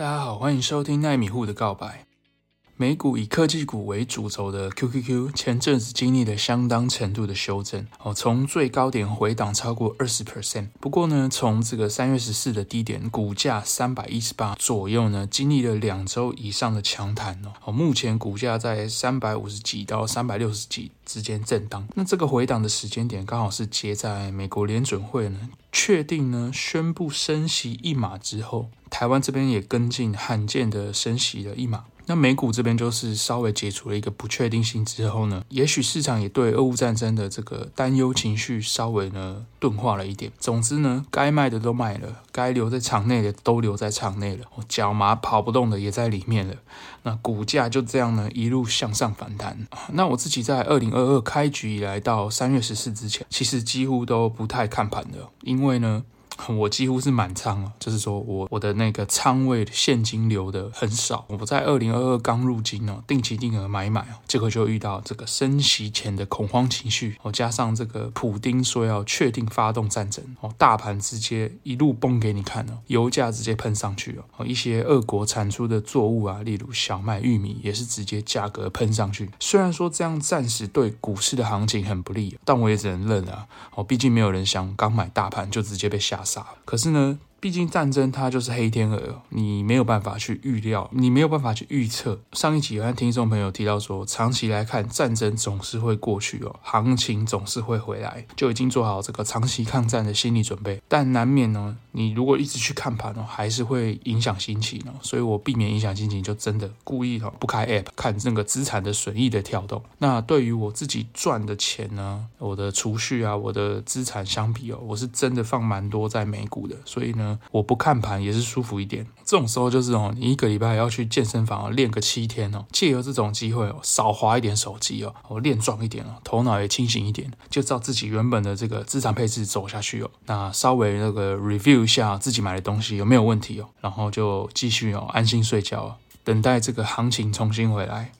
大家好，歡迎收聽奈米戶的告白。美股以科技股為主軸的 QQQ 前陣子經歷了相當程度的修正哦，從最高點回檔超過二十 percent。不過呢，從這個三月十四的低點，股價三百一十八左右呢，經歷了兩周以上的強彈哦。哦，目前股價在三百五十幾到三百六十幾之間震盪。那這個回檔的時間點剛好是接在美國聯準會呢確定呢宣布升息一碼之後，台灣這邊也跟進罕見的升息了一碼。那美股這邊就是稍微解除了一個不確定性之後呢，也許市場也對俄烏戰爭的這個擔憂情緒稍微呢鈍化了一點。總之呢，該賣的都賣了，該留在場內的都留在場內了，腳麻跑不動的也在裡面了。那股價就這樣呢一路向上反彈。那我自己在二零二二開局以來到三月十四之前，其實幾乎都不太看盤的，因為呢。我幾乎是滿倉哦，就是說我我的那個倉位現金流的很少。我在二零二二剛入金哦，定期定額買買哦，結果就遇到這個升息前的恐慌情緒哦，加上這個普丁說要確定發動戰爭哦，大盤直接一路崩給你看哦，油價直接噴上去哦，一些俄國產出的作物啊，例如小麥、玉米也是直接價格噴上去。雖然說這樣暫時對股市的行情很不利，但我也只能認了哦，畢竟沒有人想剛買大盤就直接被嚇死。傻，可是呢畢竟戰爭它就是黑天鵝，你沒有辦法去預料，你沒有辦法去預測。上一集好像聽眾朋友提到說，長期來看戰爭總是會過去哦，行情總是會回來，就已經做好這個長期抗戰的心理準備。但難免呢，你如果一直去看盤哦，還是會影響心情哦。所以我避免影響心情，就真的故意哦不開 app 看這個資產的損益的跳動。那對於我自己賺的錢呢，我的儲蓄啊，我的資產相比哦，我是真的放蠻多在美股的，所以呢。我不看盤也是舒服一點。這種時候就是哦，你一個禮拜要去健身房練個七天哦，借由這種機會哦，少滑一點手機哦，哦練壯一點哦，頭腦也清醒一點，就照自己原本的這個資產配置走下去哦。那稍微那個 review 一下自己買的東西有沒有問題哦，然後就繼續哦安心睡覺，等待這個行情重新回來。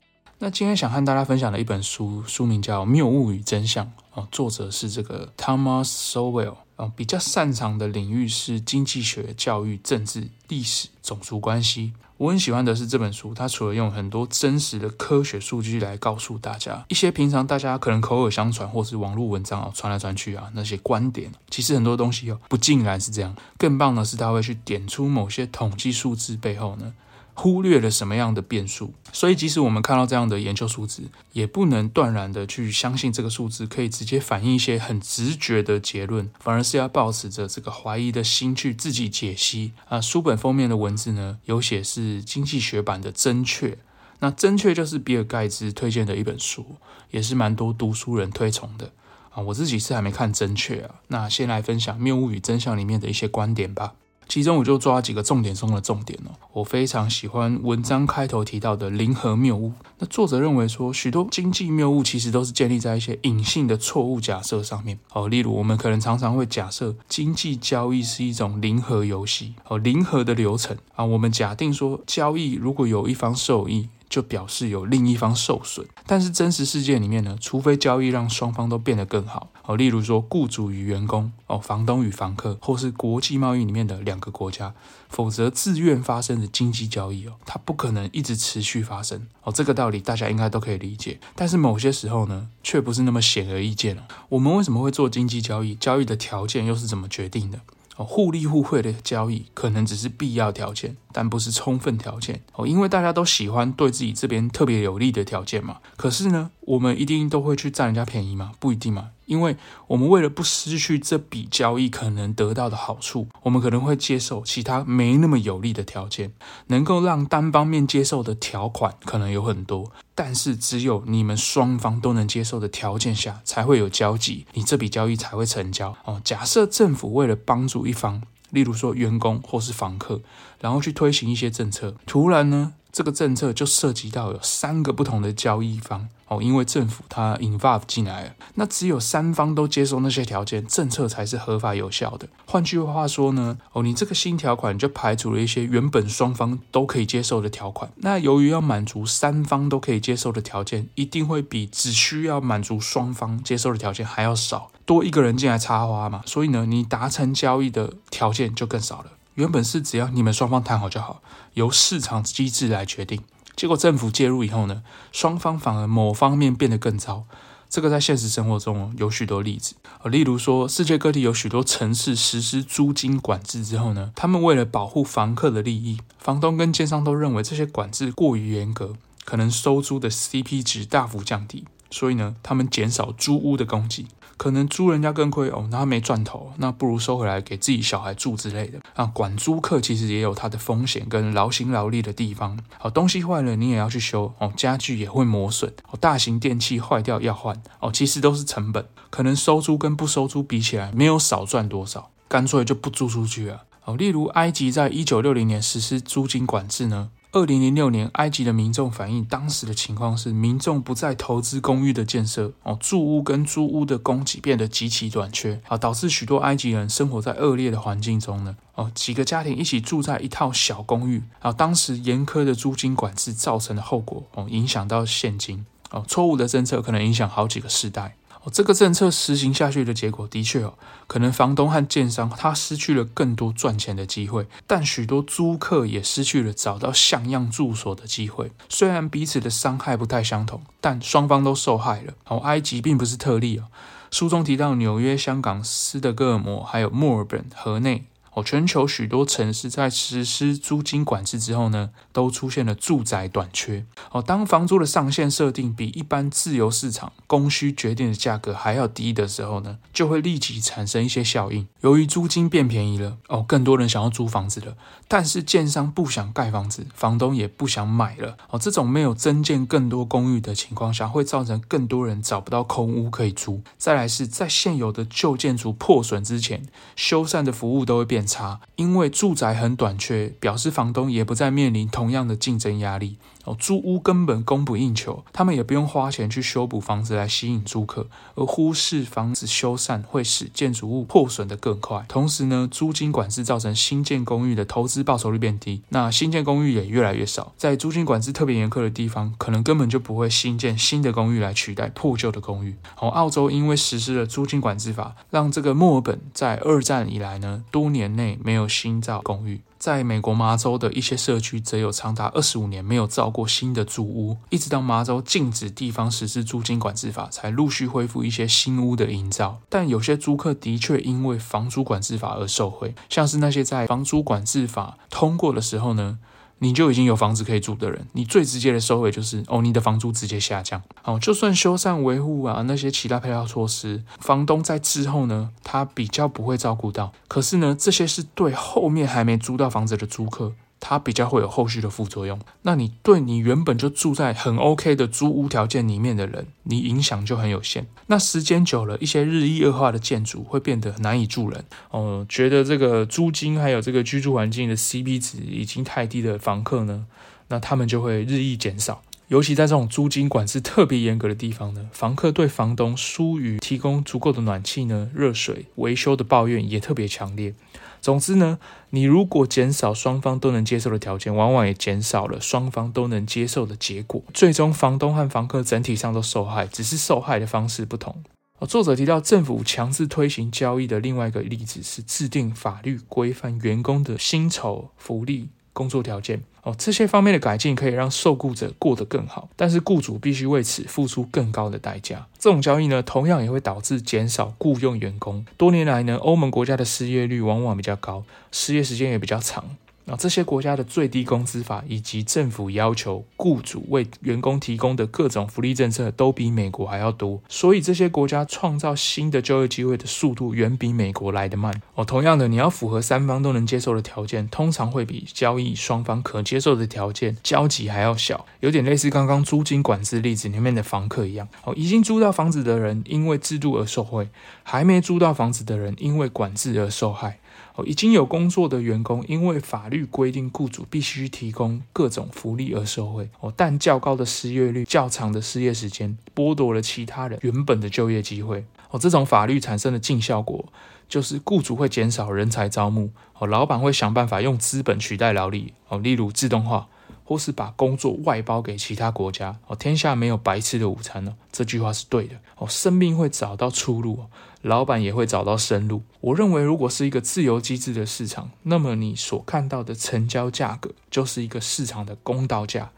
那今天想和大家分享的一本書，書名叫《謬誤與真相》哦，作者是這個 Thomas Sowell。哦、比較擅長的領域是經濟學、教育、政治、歷史、種族關係。我很喜歡的是這本書，它除了用很多真實的科學數據來告訴大家一些平常大家可能口耳相傳或是網絡文章啊、哦、傳來傳去啊那些觀點，其實很多東西哦不盡然是這樣。更棒的是，他會去點出某些統計數字背後呢。忽略了什麼樣的變數，所以即使我們看到這樣的研究數字，也不能斷然的去相信這個數字可以直接反映一些很直覺的結論，反而是要抱持着這個懷疑的心去自己解析。啊，書本封面的文字呢，有寫是經濟學版的《真確》，那《真確》就是比爾蓋茨推薦的一本書，也是蠻多讀書人推崇的啊。我自己是還沒看《真確》啊，那先來分享《謬誤與真相》裡面的一些觀點吧。其中我就抓幾個重點中的重點哦，我非常喜歡文章開頭提到的零和謬誤。那作者認為說，許多經濟謬誤其實都是建立在一些隱性的錯誤假設上面。好，例如我們可能常常會假設經濟交易是一種零和遊戲，好，零和的流程啊，我們假定說交易如果有一方受益，就表示有另一方受損，但是真實世界裡面呢，除非交易讓雙方都變得更好哦，例如說僱主與員工哦，房東與房客，或是國際貿易裡面的兩個國家，否則自願發生的經濟交易哦，它不可能一直持續發生哦，這個道理大家應該都可以理解，但是某些時候呢，卻不是那麼顯而易見了。我們為什麼會做經濟交易？交易的條件又是怎麼決定的？互利互惠的交易可能只是必要條件，但不是充分條件哦，因為大家都喜歡對自己這邊特別有利的條件嘛。可是呢，我們一定都會去占人家便宜嘛，不一定嘛。因為我們為了不失去這筆交易可能得到的好處，我們可能會接受其他沒那麼有利的條件。能夠讓單方面接受的條款可能有很多，但是只有你們雙方都能接受的條件下，才會有交集，你這筆交易才會成交。哦，假設政府為了幫助一方，例如說員工或是房客，然後去推行一些政策，突然呢？這個政策就涉及到有三個不同的交易方哦，因為政府它 involve 進來了，那只有三方都接受那些條件，政策才是合法有效的。換句話說呢，哦，你這個新條款就排除了一些原本雙方都可以接受的條款。那由於要滿足三方都可以接受的條件，一定會比只需要滿足雙方接受的條件還要少。多一個人進來插花嘛，所以呢，你達成交易的條件就更少了。原本是只要你們雙方談好就好，由市場機制來決定。結果政府介入以後呢，雙方反而某方面變得更糟。這個在現實生活中有許多例子。哦，例如說，世界各地有許多城市實施租金管制之後呢，他們為了保護房客的利益，房東跟奸商都認為這些管制過於嚴格，可能收租的 CP 值大幅降低，所以呢，他們減少租屋的供給。可能租人家更虧哦，那他沒賺頭，那不如收回來給自己小孩住之類的。啊，管租客其實也有他的風險跟勞心勞力的地方。好，哦，東西壞了你也要去修哦，家具也會磨損哦，大型電器壞掉要換哦，其實都是成本。可能收租跟不收租比起來，沒有少賺多少，乾脆就不租出去啊。哦，例如埃及在一九六零年實施租金管制呢，二零零六年，埃及的民眾反映，當時的情況是，民眾不再投資公寓的建設，哦，住屋跟租屋的供給變得極其短缺，啊，導致許多埃及人生活在惡劣的環境中呢，哦，幾個家庭一起住在一套小公寓，啊，當時嚴苛的租金管制造成的後果，哦，影響到現今，哦，錯誤的政策可能影響好幾個世代。這個政策實行下去的結果，的確哦，可能房東和建商他失去了更多賺錢的機會，但許多租客也失去了找到像樣住所的機會。雖然彼此的傷害不太相同，但雙方都受害了。哦，埃及並不是特例哦，書中提到紐約、香港、斯德哥爾摩，還有墨爾本、河內。哦，全球許多城市在實施租金管制之後呢，都出現了住宅短缺。哦，當房租的上限設定比一般自由市場供需決定的價格還要低的時候呢，就會立即產生一些效應。由於租金變便宜了，哦，更多人想要租房子了，但是建商不想蓋房子，房東也不想買了。哦，這種沒有增建更多公寓的情況下，會造成更多人找不到空屋可以租。再來是在現有的舊建築破損之前，修繕的服務都會變。檢查，因為住宅很短缺，表示房東也不再面臨同樣的競爭壓力。租屋根本供不應求，他們也不用花錢去修補房子來吸引租客，而忽視房子修繕會使建築物破損得更快。同時呢，租金管制造成新建公寓的投資報酬率變低，那新建公寓也越來越少。在租金管制特別嚴苛的地方，可能根本就不會新建新的公寓來取代破舊的公寓。好，澳洲因為實施了租金管制法，讓這個墨爾本在二戰以來呢，多年內沒有新造公寓。在美國麻州的一些社區，則有長達二十五年沒有造過新的租屋，一直到麻州禁止地方實施租金管制法，才陸續恢復一些新屋的營造。但有些租客的確因為房租管制法而受惠，像是那些在房租管制法通過的時候呢，你就已經有房子可以住的人，你最直接的收尾就是，哦，你的房租直接下降。好，就算修繕維護啊，那些其他配套措施，房東在之後呢，他比較不會照顧到。可是呢，這些是對後面還沒租到房子的租客。它比較會有後續的副作用。那你對你原本就住在很 OK 的租屋條件裡面的人，你影響就很有限。那時間久了，一些日益惡化的建築會變得難以住人。哦、嗯，覺得這個租金還有這個居住環境的 CP 值，已經太低的房客呢，那他們就會日益減少。尤其在這種租金管制特別嚴格的地方呢，房客對房東疏於提供足夠的暖氣呢、熱水、維修的抱怨也特別強烈。總之呢，你如果減少雙方都能接受的條件，往往也減少了雙方都能接受的結果。最終，房東和房客整體上都受害，只是受害的方式不同。作者提到政府強制推行交易的另外一個例子是制定法律規範員工的薪酬福利。工作條件哦，這些方面的改進可以讓受雇者過得更好，但是雇主必須為此付出更高的代價。這種交易呢，同樣也會導致減少雇傭員工。多年來呢，歐盟國家的失業率往往比較高，失業時間也比較長。啊，這些國家的最低工資法以及政府要求雇主為員工提供的各種福利政策都比美國還要多，所以這些國家創造新的就業機會的速度遠比美國來得慢。哦，同樣的，你要符合三方都能接受的條件，通常會比交易雙方可接受的條件交集還要小，有點類似剛剛租金管制例子裡面的房客一樣。哦，已經租到房子的人因為制度而受惠，還沒租到房子的人因為管制而受害。已經有工作的員工，因為法律規定僱主必須提供各種福利而受惠。哦，但較高的失業率、較長的失業時間，剝奪了其他人原本的就業機會。哦，這種法律產生的淨效果，就是僱主會減少人才招募。哦，老板會想辦法用資本取代勞力。哦，例如自動化。或是把工作外包給其他國家哦，天下沒有白吃的午餐哦。這句話是對的哦。生命會找到出路，老板也會找到生路。我認為，如果是一個自由機制的市場，那麼你所看到的成交價格就是一個市場的公道價，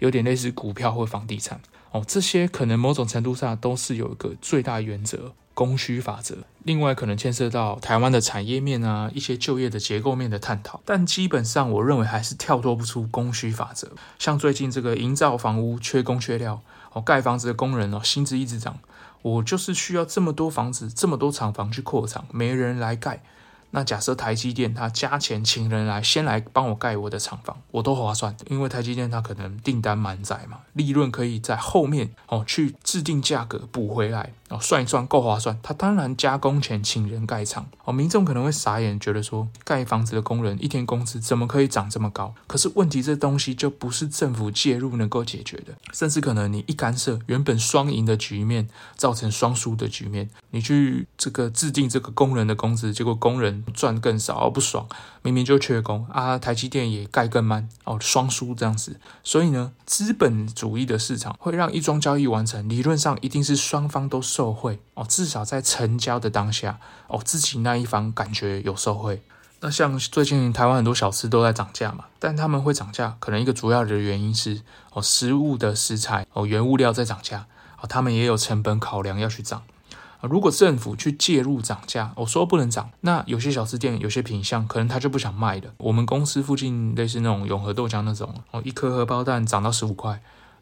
有點類似股票或房地產哦。這些可能某種程度上都是有一個最大原則。供需法則，另外可能牽涉到台灣的產業面啊，一些就業的結構面的探討，但基本上我認為還是跳脫不出供需法則。像最近這個營造房屋缺工缺料，哦，蓋房子的工人哦，薪資一直漲，我就是需要這麼多房子，這麼多廠房去擴廠，沒人來蓋。那假設台積電他加錢請人來，先來幫我蓋我的廠房，我都划算，因為台積電它可能訂單滿載嘛，利潤可以在後面哦，去制定價格補回來。哦，算一算夠划算，他當然加工錢請人蓋廠哦，民眾可能會傻眼，覺得說蓋房子的工人一天工資怎麼可以漲這麼高？可是問題這東西就不是政府介入能夠解決的，甚至可能你一干涉原本雙贏的局面，造成雙輸的局面。你去這個制定這個工人的工資，結果工人賺更少而不爽，明明就缺工啊，台積電也蓋更慢哦，雙輸這樣子。所以呢，資本主義的市場會讓一樁交易完成，理論上一定是雙方都。受惠哦，至少在成交的當下哦，自己那一方感覺有受惠。那像最近台灣很多小吃都在漲價嘛，但他們會漲價，可能一個主要的原因是哦，食物的食材哦，原物料在漲價哦，他們也有成本考量要去漲。啊，如果政府去介入漲價，我說不能漲，那有些小吃店有些品項可能他就不想賣了。我們公司附近類似那種永和豆漿那種哦，一顆荷包蛋漲到十五塊。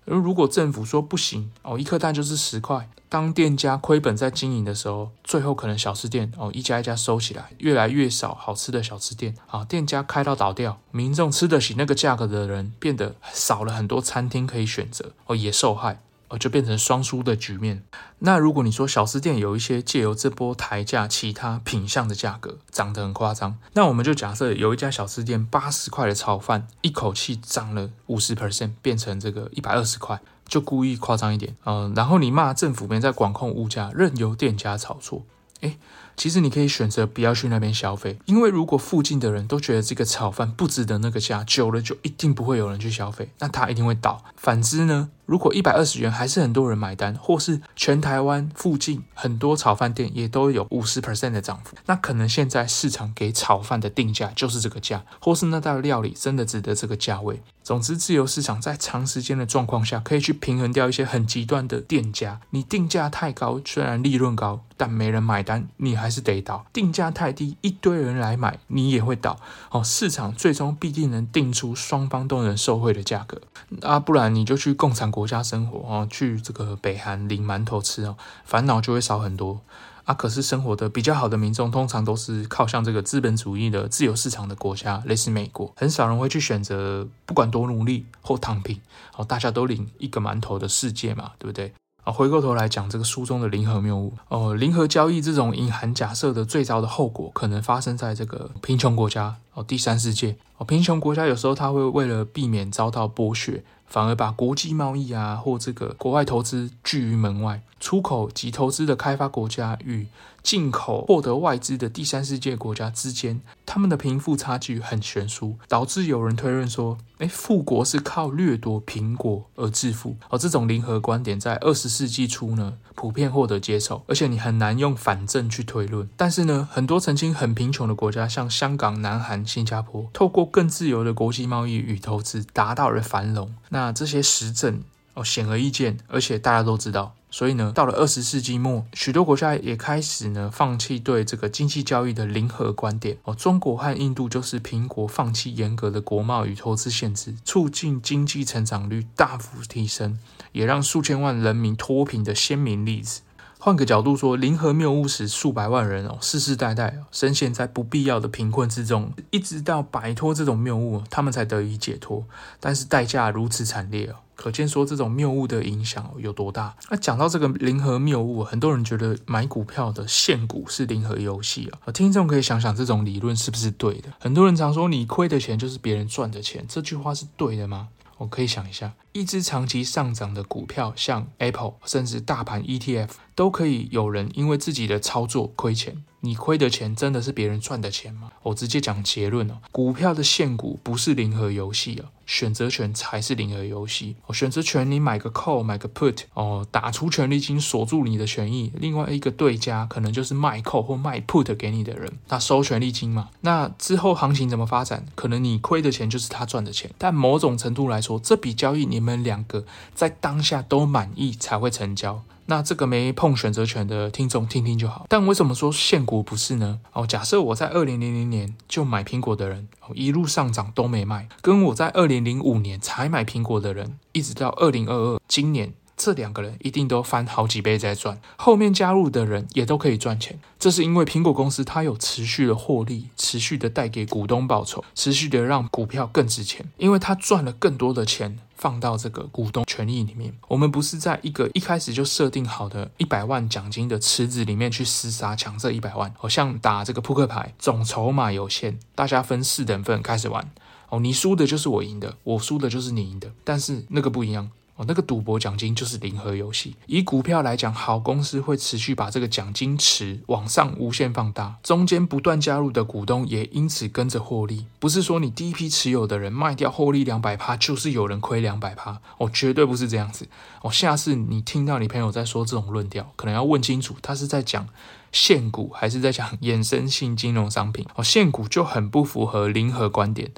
而如果政府說不行哦，一顆蛋就是十塊，當店家虧本在經營的時候，最後可能小吃店哦，一家一家收起來，越來越少好吃的小吃店啊，店家開到倒掉，民眾吃得起那個價格的人變得少了，很多餐廳可以選擇哦，也受害。呃，就變成雙輸的局面。那如果你說小吃店有一些借由這波抬價，其他品項的價格漲得很誇張，那我們就假設有一家小吃店八十塊的炒飯，一口氣漲了五十 percent，變成這個一百二十塊，就故意誇張一點，嗯，然後你罵政府沒在管控物價，任由店家炒作、欸。其實你可以選擇不要去那邊消費，因為如果附近的人都覺得這個炒飯不值得那個價，久了就一定不會有人去消費，那它一定會倒。反之呢？如果一百二十元還是很多人買單，或是全台灣附近很多炒飯店也都有五十 percent 的漲幅，那可能現在市場給炒飯的定價就是這個價，或是那道料理真的值得這個價位。總之，自由市場在長時間的狀況下，可以去平衡掉一些很極端的店家。你定價太高，雖然利潤高，但沒人買單，你還是得倒；定價太低，一堆人來買，你也會倒。哦，市場最終必定能定出雙方都能受惠的價格啊！不然你就去共產國家生活哦，去這個北韓領饅頭吃哦，煩惱就會少很多。啊，可是生活的比較好的民眾，通常都是靠向這個資本主義的自由市場的國家，類似美國，很少人會去選擇不管多努力或躺平，哦，大家都領一個饅頭的世界嘛，對不對？啊，回過頭來講這個書中的零和謬誤，哦，零和交易這種隱含假設的最糟的後果，可能發生在這個貧窮國家哦，第三世界哦，貧窮國家有時候它會為了避免遭到剝削。反而把國際貿易啊，或這個國外投資拒於門外。出口及投資的開發國家與進口獲得外資的第三世界國家之間，他們的貧富差距很懸殊，導致有人推論說，誒，富國是靠掠奪貧國而致富。而、哦、這種零和觀點在二十世紀初呢，普遍獲得接受，而且你很難用反證去推論。但是呢，很多曾經很貧窮的國家，像香港、南韓、新加坡，透過更自由的國際貿易與投資，達到了繁榮。那這些實證哦，顯而易見，而且大家都知道，所以呢，到了二十世紀末，許多國家也開始呢，放棄對這個經濟交易的零和觀點哦。中國和印度就是蘋果放棄嚴格的國貿與投資限制，促進經濟成長率大幅提升，也讓數千萬人民脫貧的鮮明例子。換個角度說，零和謬誤使數百萬人哦，世世代代、哦、深陷在不必要的貧困之中，一直到擺脫這種謬誤、哦，他們才得以解脫。但是代價如此慘烈哦，可見說這種謬誤的影響、哦、有多大。那講到這個零和謬誤，很多人覺得買股票的現股是零和遊戲啊、哦。聽眾可以想想，這種理論是不是對的？很多人常說，你虧的錢就是別人賺的錢，這句話是對的嗎？我可以想一下，一隻長期上漲的股票，像 Apple，甚至大盤 ETF。都可以有人因為自己的操作虧錢，你虧的錢真的是別人賺的錢嗎？我直接講結論了、哦，股票的現股不是零和遊戲了、哦，選擇權才是零和遊戲。哦，選擇權你買個 call、買個 put 哦，打出權利金鎖住你的權益，另外一個對家可能就是賣 call 或賣 put 給你的人，他收權利金嘛。那之後行情怎麼發展，可能你虧的錢就是他賺的錢。但某種程度來說，這筆交易你們兩個在當下都滿意才會成交。那這個沒碰選擇權的聽眾聽聽就好，但為什麼說現股不是呢？哦，假設我在二零零零年就買蘋果的人，一路上漲都沒賣，跟我在二零零五年才買蘋果的人，一直到二零二二今年。這兩個人一定都翻好幾倍在賺，後面加入的人也都可以賺錢。這是因為蘋果公司它有持續的獲利，持續的帶給股東報酬，持續的讓股票更值錢。因為它賺了更多的錢放到這個股東權益裡面。我們不是在一個一開始就設定好的一百萬獎金的池子裡面去廝殺搶這一百萬。哦，好像打這個撲克牌，總籌碼有限，大家分四等份開始玩。哦，你輸的就是我贏的，我輸的就是你贏的，但是那個不一樣。哦，那個賭博獎金就是零和遊戲。以股票來講，好公司會持續把這個獎金池往上無限放大，中間不斷加入的股東也因此跟着獲利。不是說你第一批持有的人賣掉獲利兩百趴，就是有人虧兩百趴。哦，絕對不是這樣子。哦，下次你聽到你朋友在說這種論調，可能要問清楚他是在講現股還是在講衍生性金融商品。哦，現股就很不符合零和觀點。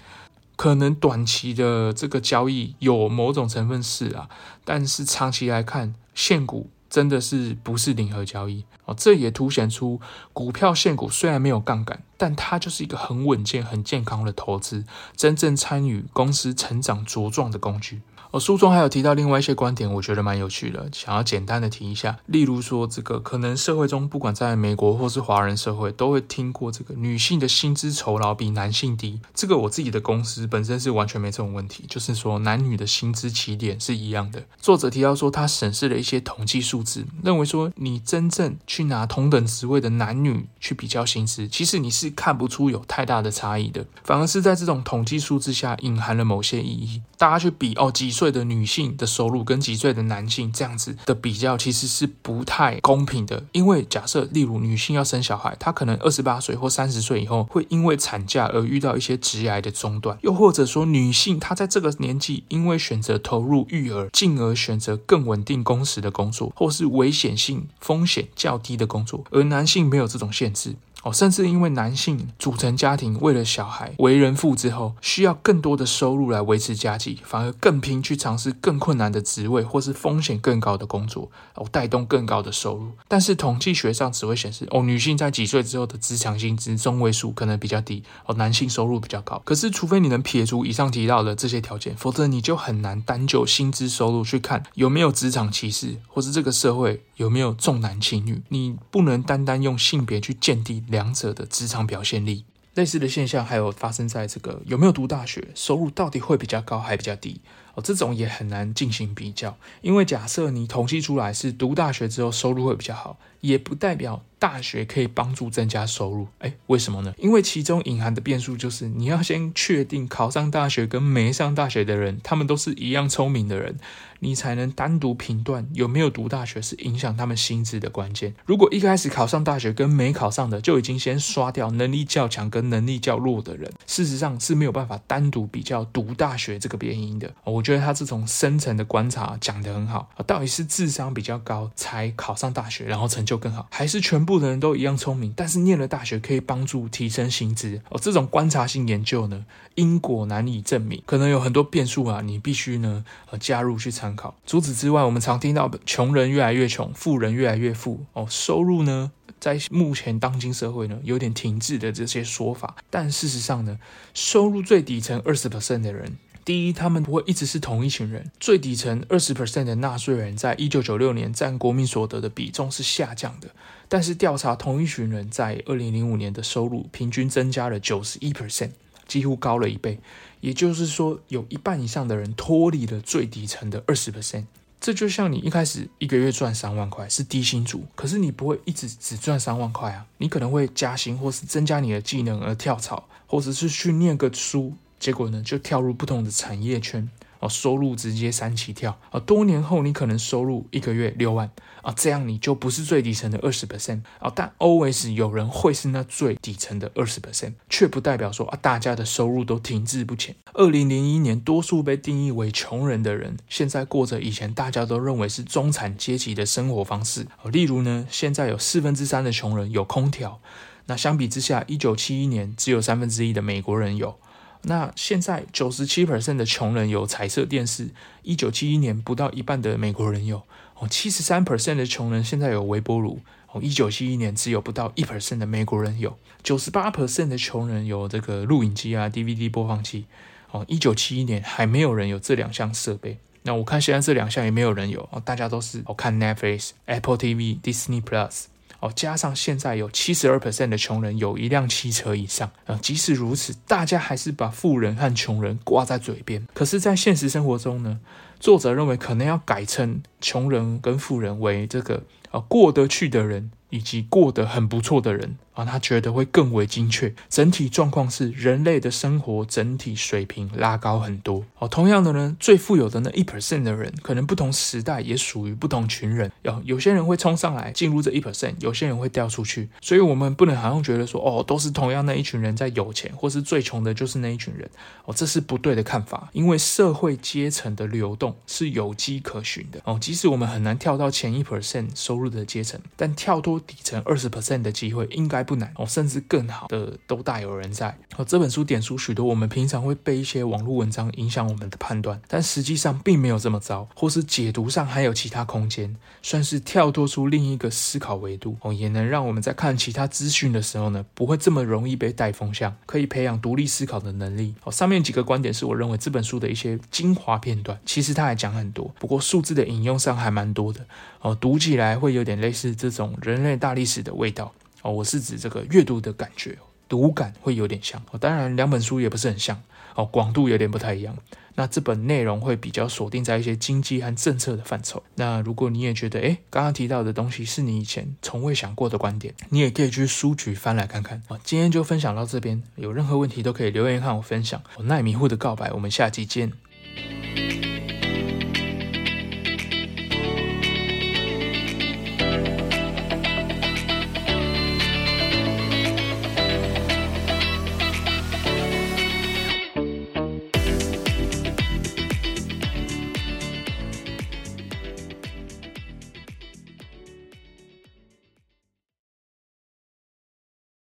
可能短期的這個交易有某種成分是啊，但是長期來看，現股真的是不是零和交易哦？這也凸顯出股票現股雖然沒有槓桿，但它就是一個很穩健、很健康的投資，真正參與公司成長茁壯的工具。哦，書中還有提到另外一些觀點，我覺得蠻有趣的，想要簡單的提一下。例如說，這個可能社會中，不管在美國或是華人社會，都會聽過這個女性的薪資酬勞比男性低。這個我自己的公司本身是完全沒這種問題，就是說男女的薪資起點是一樣的。作者提到說，他審視了一些統計數字，認為說你真正去拿同等職位的男女去比較薪資，其實你是看不出有太大的差異的，反而是在這種統計數字下隱含了某些意義。大家去比，哦，技術歲的女性的收入跟幾歲的男性這樣子的比較其實是不太公平的，因為假設例如女性要生小孩，她可能二十八歲或三十歲以後會因為產假而遇到一些職業的中斷，又或者說女性她在這個年紀因為選擇投入育兒，進而選擇更穩定工時的工作或是危險性風險較低的工作，而男性沒有這種限制。哦，甚至因為男性組成家庭，為了小孩為人父之後，需要更多的收入來維持家計，反而更拼去嘗試更困難的職位，或是風險更高的工作，哦，帶動更高的收入。但是統計學上只會顯示，哦，女性在幾歲之後的職場薪資中位數可能比較低，哦，男性收入比較高。可是，除非你能撇除以上提到的這些條件，否則你就很難單就薪資收入去看有沒有職場歧視，或是這個社會有沒有重男輕女。你不能單單用性別去鑑定。兩者的職場表現力，類似的現象還有發生在這個有沒有讀大學，收入到底會比較高還比較低？哦，這種也很難進行比較，因為假設你統計出來是讀大學之後收入會比較好，也不代表。大學可以幫助增加收入，哎、欸，為什麼呢？因為其中隱含的變數就是你要先確定考上大學跟沒上大學的人，他們都是一樣聰明的人，你才能單獨評斷有沒有讀大學是影響他們薪資的關鍵。如果一開始考上大學跟沒考上的就已經先刷掉能力較強跟能力較弱的人，事實上是沒有辦法單獨比較讀大學這個變因的。我覺得他這種深層的觀察講得很好，到底是智商比較高才考上大學，然後成就更好，還是全？不能都一樣聰明，但是念了大學可以幫助提升薪資哦。這種觀察性研究呢，因果難以證明，可能有很多變數啊。你必須呢，呃、哦，加入去參考。除此之外，我們常聽到窮人越來越窮，富人越來越富哦。收入呢，在目前當今社會呢，有點停滯的這些說法。但事實上呢，收入最底層二十 percent 的人，第一，他們不會一直是同一群人。最底層二十 percent 的納稅人，在一九九六年佔國民所得的比重是下降的。但是調查同一群人在二零零五年的收入平均增加了九十一 percent，幾乎高了一倍。也就是說，有一半以上的人脫離了最底層的二十 percent。這就像你一開始一個月賺三萬塊是低薪族，可是你不會一直只賺三萬塊啊，你可能會加薪或是增加你的技能而跳槽，或者是去念個書，結果呢就跳入不同的產業圈。哦，收入直接三級跳啊！多年後，你可能收入一個月六萬啊，這樣你就不是最底層的二十 percent 啊。但 always 有人會是那最底層的二十 percent，卻不代表說啊，大家的收入都停滯不前。二零零一年，多數被定義為窮人的人，現在過着以前大家都認為是中產階級的生活方式。哦，例如呢，現在有四分之三的窮人有空調，那相比之下，一九七一年只有三分之一的美國人有。那現在九十七 percent 的窮人有彩色電視，一九七一年不到一半的美國人有哦。七十三 percent 的窮人現在有微波爐，哦，一九七一年只有不到一 percent 的美國人有。九十八 percent 的窮人有這個錄影機啊，DVD 播放器，哦，一九七一年還沒有人有這兩項設備。那我看現在這兩項也沒有人有，大家都是我看 Netflix、Apple TV、Disney Plus。哦，加上現在有七十二 percent 的窮人有一輛汽車以上，呃，即使如此，大家還是把富人和窮人掛在嘴邊。可是，在現實生活中呢，作者認為可能要改稱窮人跟富人為這個呃過得去的人。以及過得很不錯的人啊、哦，他覺得會更為精確。整體狀況是人類的生活整體水平拉高很多。哦，同樣的呢，最富有的那一 percent 的人，可能不同時代也屬於不同群人。哦，有些人會衝上來進入這一 percent，有些人會掉出去。所以，我們不能好像覺得說，哦，都是同樣那一群人在有錢，或是最窮的就是那一群人。哦，這是不對的看法。因為社會階層的流動是有跡可循的。哦，即使我們很難跳到前一 percent 收入的階層，但跳脫。底層二十 percent 的機會應該不難哦，甚至更好的都大有人在。哦，這本書點出許多，我們平常會被一些網絡文章影響我們的判斷，但實際上並沒有這麼糟，或是解讀上還有其他空間，算是跳脫出另一個思考維度哦，也能讓我們在看其他資訊的時候呢，不會這麼容易被帶風向，可以培養獨立思考的能力。哦，上面幾個觀點是我認為這本書的一些精華片段，其實他還講很多，不過數字的引用上還蠻多的。哦，讀起來會有點類似這種人類大歷史的味道哦，我是指這個閱讀的感覺，讀感會有點像。哦、當然，兩本書也不是很像哦，廣度有點不太一樣。那這本內容會比較鎖定在一些經濟和政策的範疇。那如果你也覺得哎，剛剛提到的東西是你以前從未想過的觀點，你也可以去書局翻來看看啊、哦。今天就分享到這邊，有任何問題都可以留言和我分享。我、哦、奈米戶的告白，我們下期見。